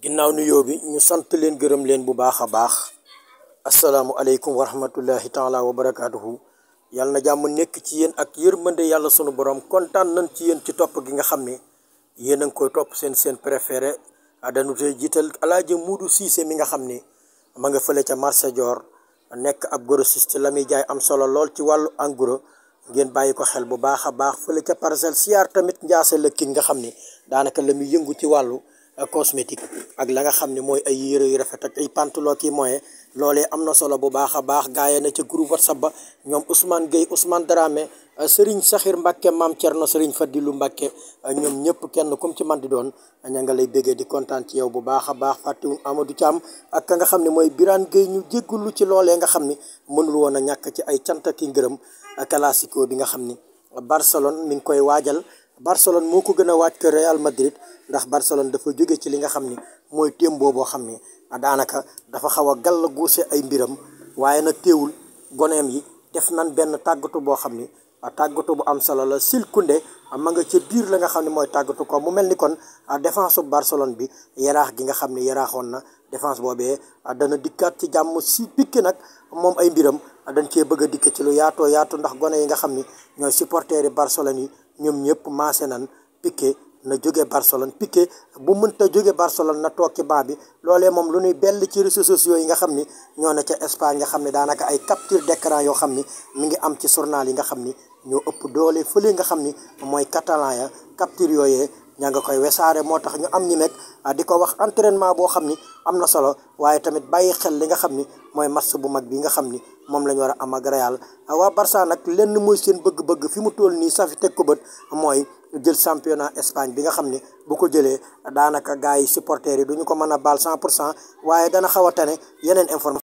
ginnaaw nuyoo bi ñu sant leen gërëm leen bu baax a baax asalaamualeykum wa rahmatullahi taala wa barakaatuhu yàlla na jàmm nekk ci yéen ak yërmande yàlla sunu borom kontaan nañ ci yéen ci topp gi nga xam ni yéen a ngi koy topp seen seen préféré dañu tey jiital alaaji Muudu Siise mi nga xam ni ma nga fële ca marché Dior nekk ab grossiste la muy jaay am solo lool ci wàllu en gros ngeen bàyyi ko xel bu baax a baax fële ca parcelle siyaar tamit njaase la ki nga xam ni daanaka la muy yëngu ci wàllu cosmétique ak la nga xam ne mooy ay yére yu rafet ak ay pantalon ki moyen loolee am na solo bu baax a baax gaayee na ca groupe WhatsApp ba ñoom Ousmane Gueye Ousmane Dramé euh, Serigne Sakhir Mbacke maam fa Serigne Fadilou Mbacke euh, ñoom ñëpp kenn comme ci man di doon ña nga lay béggee di kontaan ci yow bu baax a baax fàttewuñ Amadou Thiam ak ka nga xam ne mooy Birane Gueye ñu jéggulu ci loole nga xam ni mënul woon a ñàkk ci ay cant ak i ngërëm classico bi nga xam ni Barcelone koy waajal Barcelone moo ko gën a waaj que Real Madrid ndax Barcelone dafa jóge ci li nga xam ni mooy témboo boo xam ni daanaka dafa xaw a gàll guuse ay mbiram waaye nag teewul goneem yi def nan benn tàggatu boo xam ni tàggatu bu am solo la Jules am ma nga ca biir la nga xam ne mooy tàggatu ko mu mel ni kon défense bu Barcelone bi yaraax gi nga xam ne yaraaxoon na défense boobee dana dikkaat ci jàmm si Piqué nag moom ay mbiram dañ cee bëgg dikk ci lu yaatoo yaatu ndax gone yi nga xam ni ñooy supporters yi ñoom ñëpp maase nan Piqué na jóge Barcelone Piqué bu mënta jóge Barcelone na toog ci baa bi loolee moom lu ñuy bell ci réseaux sociaux yi nga xam ni ñoo ne ca Espagne nga xam ne daanaka ay capture d'écran yoo xam ni mi ngi am ci journal yi nga xam ni ñoo ëpp doole fële nga xam ni mooy catalan ya capture yooyee ña nga koy saaree moo tax ñu am ñi nekk ah, di ko wax entrainement boo xam ni am na solo waaye tamit bàyyi xel li nga xam ni mooy match bu mag bi nga xam ni moom la ñu war a am ak Real ah, waa Barça nag lenn muy seen bëgg-bëgg fi mu tool nii safi teg ko bët mooy jël championnat Espagne bi nga xam ni bu ko jëlee daanaka gars yi supporters yi du ñu ko mën a baal cent pour cent waaye dana xaw a tane yeneen information